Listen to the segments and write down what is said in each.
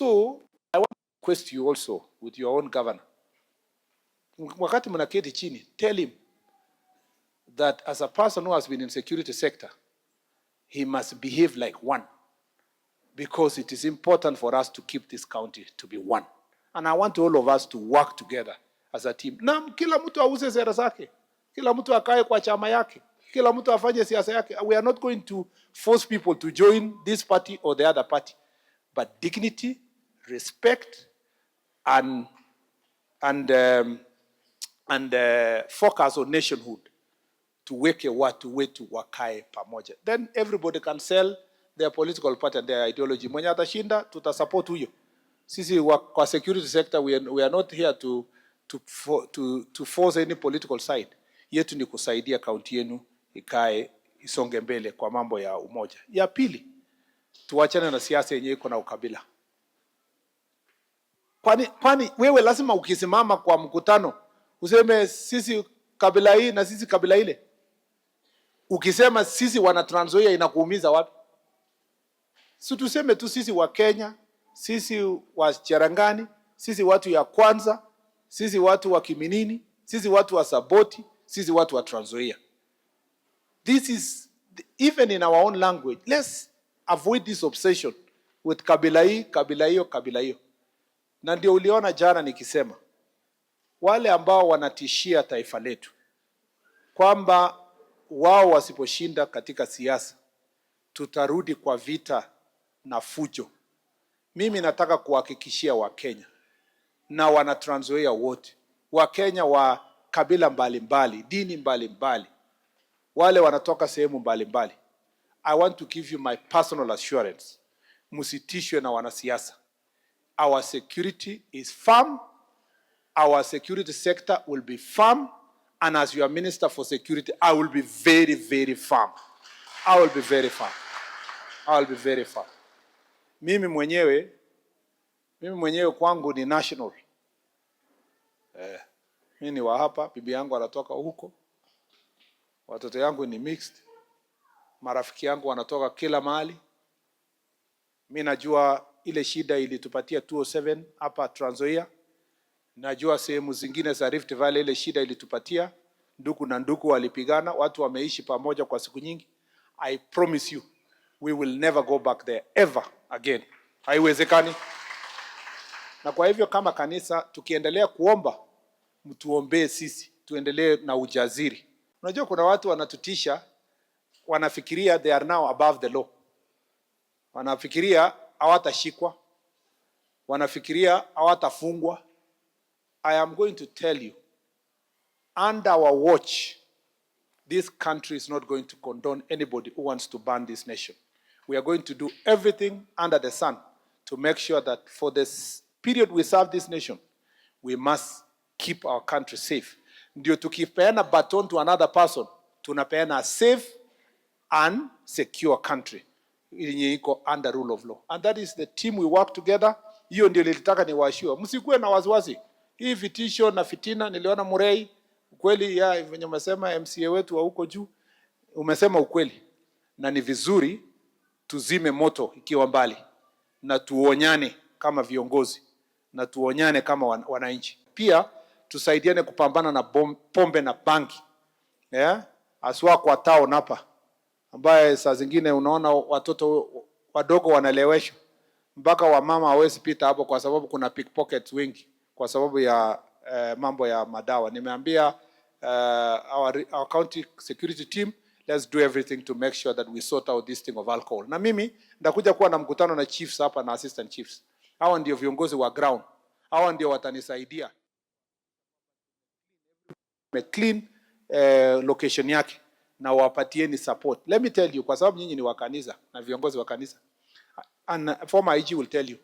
So I want to request you also with your own governor. Wakati mnaketi chini, tell him that as a person who has been in security sector, he must behave like one because it is important for us to keep this county to be one. And I want all of us to work together as a team. Na kila mtu auze sera zake. Kila mtu akae kwa chama yake. Kila mtu afanye siasa yake. We are not going to force people to join this party or the other party. But dignity respect and, and, um, and uh, focus on nationhood to wake tuweke watu wetu wakae pamoja, then everybody can sell their political party and their ideology. Mwenye atashinda tutasupport huyo. Sisi kwa security sector we are, we are not here to, to, for, to, to force any political side yetu, ni kusaidia kaunti yenu ikae isonge mbele kwa mambo ya umoja. Ya pili, tuachane na siasa yenye iko na ukabila. Kwani kwani wewe lazima ukisimama kwa mkutano useme sisi kabila hii na sisi kabila ile? Ukisema sisi wana Trans Nzoia inakuumiza wapi? Si tuseme tu sisi wa Kenya, sisi wa Cherangani, sisi watu ya kwanza, sisi watu wa Kiminini, sisi watu wa Saboti, sisi watu wa Trans Nzoia. This is even in our own language. Let's avoid this obsession with kabila hii, kabila hiyo, kabila hiyo na ndio uliona jana nikisema wale ambao wanatishia taifa letu kwamba wao wasiposhinda katika siasa tutarudi kwa vita na fujo. Mimi nataka kuhakikishia Wakenya na wana Trans Nzoia wote, Wakenya wa kabila mbalimbali mbali, dini mbalimbali mbali, wale wanatoka sehemu mbalimbali, I want to give you my personal assurance, msitishwe na wanasiasa our security is firm, our security sector will be firm, and as your Minister for Security, I will be very, very firm. I will be very firm. I will be very firm. Mimi mwenyewe mimi mwenyewe kwangu ni national eh, mimi ni wa hapa, bibi yangu anatoka huko, watoto yangu ni mixed, marafiki yangu wanatoka kila mahali. Mimi najua ile shida ilitupatia 207 hapa Trans Najua sehemu zingine za Rift Valley ile shida ilitupatia, nduku na nduku walipigana, watu wameishi pamoja kwa siku nyingi. I promise you we will never go back there ever again. Haiwezekani. Na kwa hivyo kama kanisa tukiendelea kuomba, mtuombee sisi, tuendelee na ujaziri. Unajua kuna watu wanatutisha, wanafikiria they are now above the law, wanafikiria hawatashikwa, wanafikiria hawatafungwa. I am going to tell you under our watch this country is not going to condone anybody who wants to burn this nation. We are going to do everything under the sun to make sure that for this period we serve this nation, we must keep our country safe. Ndio tukipeana baton to another person, tunapeana safe and secure country yenye iko under rule of law, and that is the team we work together. Hiyo ndio nilitaka niwaashie, msikuwe na wasiwasi. Hii vitisho na fitina, niliona Murei ukweli ya venye umesema, MCA wetu wa huko juu umesema ukweli, na ni vizuri tuzime moto ikiwa mbali, na tuonyane kama viongozi na tuonyane kama wananchi, pia tusaidiane kupambana na pombe na bangi yeah? aswa kwa tao napa ambaye saa zingine unaona watoto wadogo wanaleweshwa mpaka wamama hawezi pita hapo, kwa sababu kuna pickpocket wingi kwa sababu ya eh, mambo ya madawa. Nimeambia uh, our, our county security team let's do everything to make sure that we sort out this thing of alcohol. Na mimi ndakuja kuwa na mkutano na chiefs hapa na assistant chiefs. Hawa ndio viongozi wa ground, hawa ndio watanisaidia clean eh, location yake na wapatieni support. Let me tell you, kwa sababu nyinyi ni wa kanisa na viongozi wa kanisa, and former IG will tell you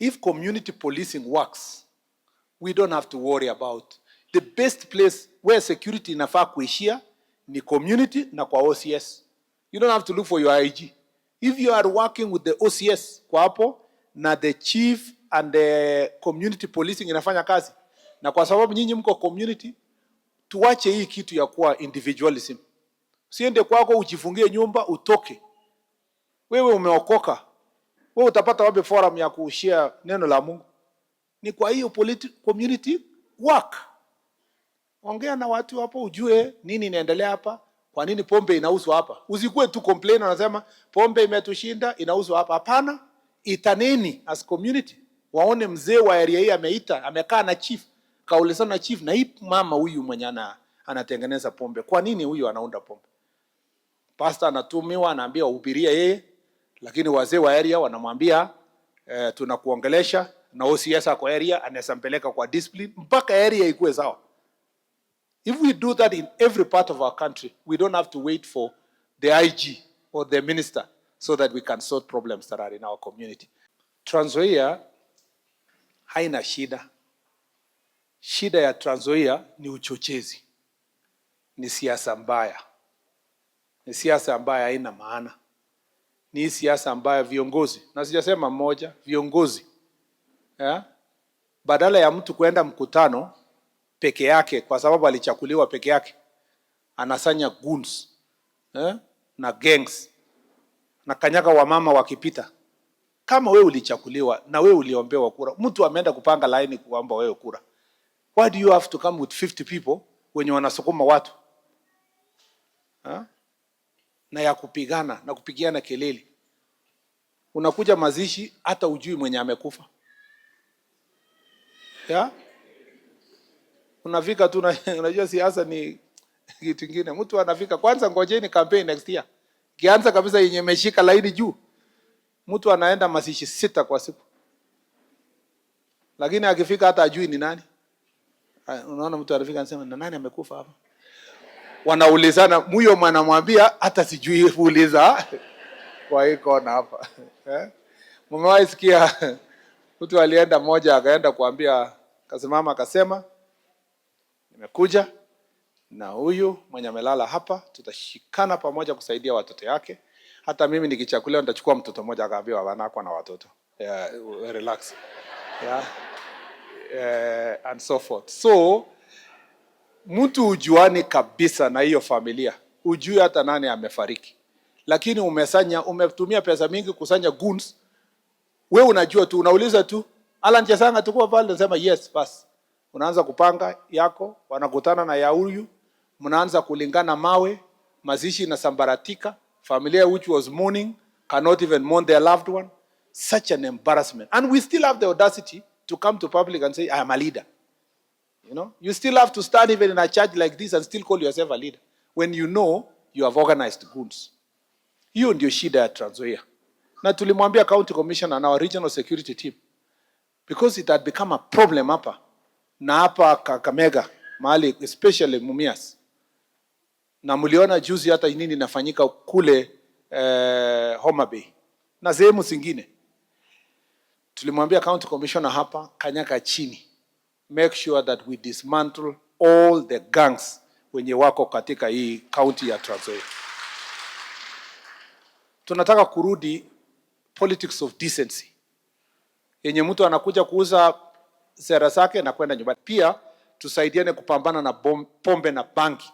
if community policing works we don't have to worry about the best place where security inafaa kuishia ni community na kwa OCS. You don't have to look for your IG. If you are working with the OCS kwa hapo na the chief and the community policing inafanya kazi, na kwa sababu nyinyi mko community Tuache hii kitu ya kuwa individualism. Siende kwako ujifungie nyumba utoke. Wewe umeokoka. Wewe utapata wapi forum ya kushare neno la Mungu? Ni kwa hiyo community work. Ongea na watu hapo ujue nini inaendelea hapa, kwa nini pombe inauzwa hapa. Usikuwe tu complain unasema pombe imetushinda inauzwa hapa. Hapana, itaneni as community. Waone mzee wa area hii ameita, amekaa na chief kaulizana na chief, na hii mama huyu mwenye ana anatengeneza pombe, kwa nini huyu anaunda pombe? pasta anatumiwa anaambia uhubirie yeye, lakini wazee wa area wanamwambia eh, tunakuongelesha na OCS kwa area anaweza mpeleka kwa discipline mpaka area ikuwe sawa. If we do that in every part of our country, we don't have to wait for the IG or the minister so that we can sort problems that are in our community. Trans Nzoia haina shida. Shida ya Trans Nzoia ni uchochezi, ni siasa mbaya, ni siasa ambayo haina maana, ni siasa ambayo viongozi, na sijasema mmoja, viongozi ya? Eh, badala ya mtu kuenda mkutano peke yake kwa sababu alichakuliwa peke yake, anasanya goons ya? Eh, na gangs na kanyaga wamama wakipita kama we ulichakuliwa na we uliombewa kura, mtu ameenda kupanga laini kuomba wewe kura, Why do you have to come with 50 people wenye wanasukuma watu ha? na ya kupigana na kupigiana kelele. Unakuja mazishi hata ujui mwenye amekufa ya? Unafika tu unajua, siasa ni kitu kingine. Mtu anafika kwanza, ngojeni campaign next year kianza kabisa, yenye imeshika laini juu. Mtu anaenda mazishi sita kwa siku, lakini akifika hata ajui ni nani. Ah, unaona, mtu arafika anasema na nani amekufa hapa? Wanaulizana, huyo mwanamwambia hata sijui kuuliza kwa hii kona hapa eh? Mmewahi sikia mtu alienda moja akaenda kuambia, kasimama akasema, nimekuja na huyu mwenye amelala hapa, tutashikana pamoja kusaidia watoto yake. Hata mimi nikichakulia nitachukua mtoto mmoja. akaambia wanako na watoto yeah, relax yeah uh, and so forth. So mtu hujuani kabisa na hiyo familia, hujui hata nani amefariki, lakini umesanya, umetumia pesa mingi kusanya goons. We unajua tu, unauliza tu Alan Chesanga, tuko pale, nasema yes, basi unaanza kupanga yako, wanakutana na ya huyu, mnaanza kulingana mawe, mazishi inasambaratika, familia which was mourning cannot even mourn their loved one. Such an embarrassment and we still have the audacity to come to public and say, I am a leader. You know, you still have to stand even in a church like this and still call yourself a leader when you know you have organized goods. Hiyo ndio shida at Transoya. Now, to Limwambia county Commission and our regional security team because it had become a problem upper, na hapa Kakamega Mali, especially Mumias, na muliona juzi hata nini inafanyika kule eh, Homa Bay na sehemu zingine. Tulimwambia county commissioner hapa Kanyaka chini, make sure that we dismantle all the gangs wenye wako katika hii county ya Trans Nzoia. Tunataka kurudi politics of decency yenye mtu anakuja kuuza sera zake na kwenda nyumbani. Pia tusaidiane kupambana na bom, pombe na banki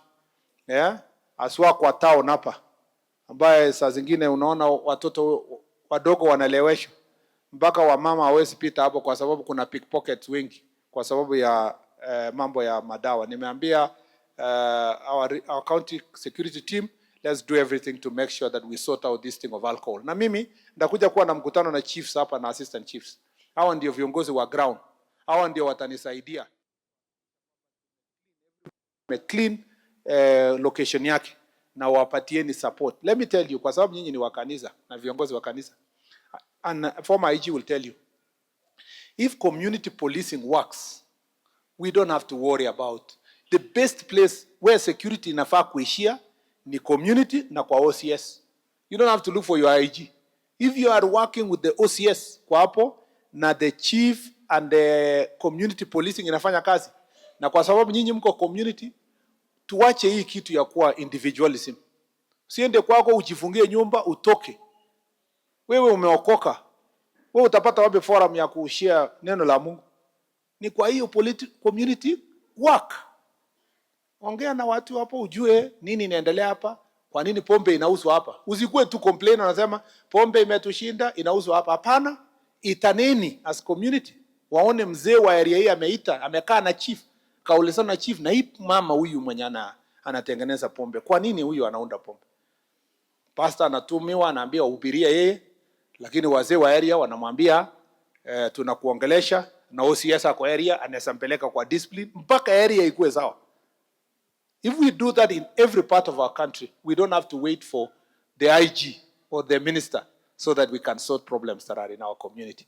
yeah? Aswa kwa town hapa ambaye saa zingine unaona watoto wadogo wanaleweshwa mpaka wamama hawezi pita hapo, kwa sababu kuna pickpockets wengi kwa sababu ya eh, mambo ya madawa. Nimeambia uh, our, our county security team let's do everything to make sure that we sort out this thing of alcohol. Na mimi ndakuja kuwa na mkutano na chiefs hapa na assistant chiefs. Hawa ndio viongozi wa ground, hawa ndio watanisaidia me clean eh, location yake na wapatieni support. Let me tell you, kwa sababu nyinyi ni wa kanisa na viongozi wa kanisa and uh, former IG will tell you, if community policing works, we don't have to worry about. The best place where security inafaa kuishia ni community na kwa OCS. You don't have to look for your IG. If you are working with the OCS kwa hapo na the chief and the community policing inafanya kazi, na kwa sababu nyinyi mko community, tuwache hii kitu ya kuwa individualism. siende kwako ujifungie nyumba utoke wewe umeokoka, wewe utapata wapi forum ya kuushia neno la Mungu? Ni kwa hiyo community work. Ongea na watu hapo, ujue nini inaendelea hapa, kwa nini pombe inauzwa hapa. Usikue tu complain unasema pombe imetushinda inauzwa hapa. Hapana, itaneni as community, waone mzee wa area hii ameita, amekaa na chief, kaulizana na chief, na hii mama huyu mwenye anatengeneza pombe, kwa nini huyu anaunda pombe? Pastor anatumiwa anaambia uhubirie yeye lakini wazee wa area wanamwambia eh, tunakuongelesha na OCS kwa area anaweza mpeleka kwa discipline mpaka area ikuwe sawa. If we do that in every part of our country, we don't have to wait for the IG or the minister so that we can sort problems that are in our community.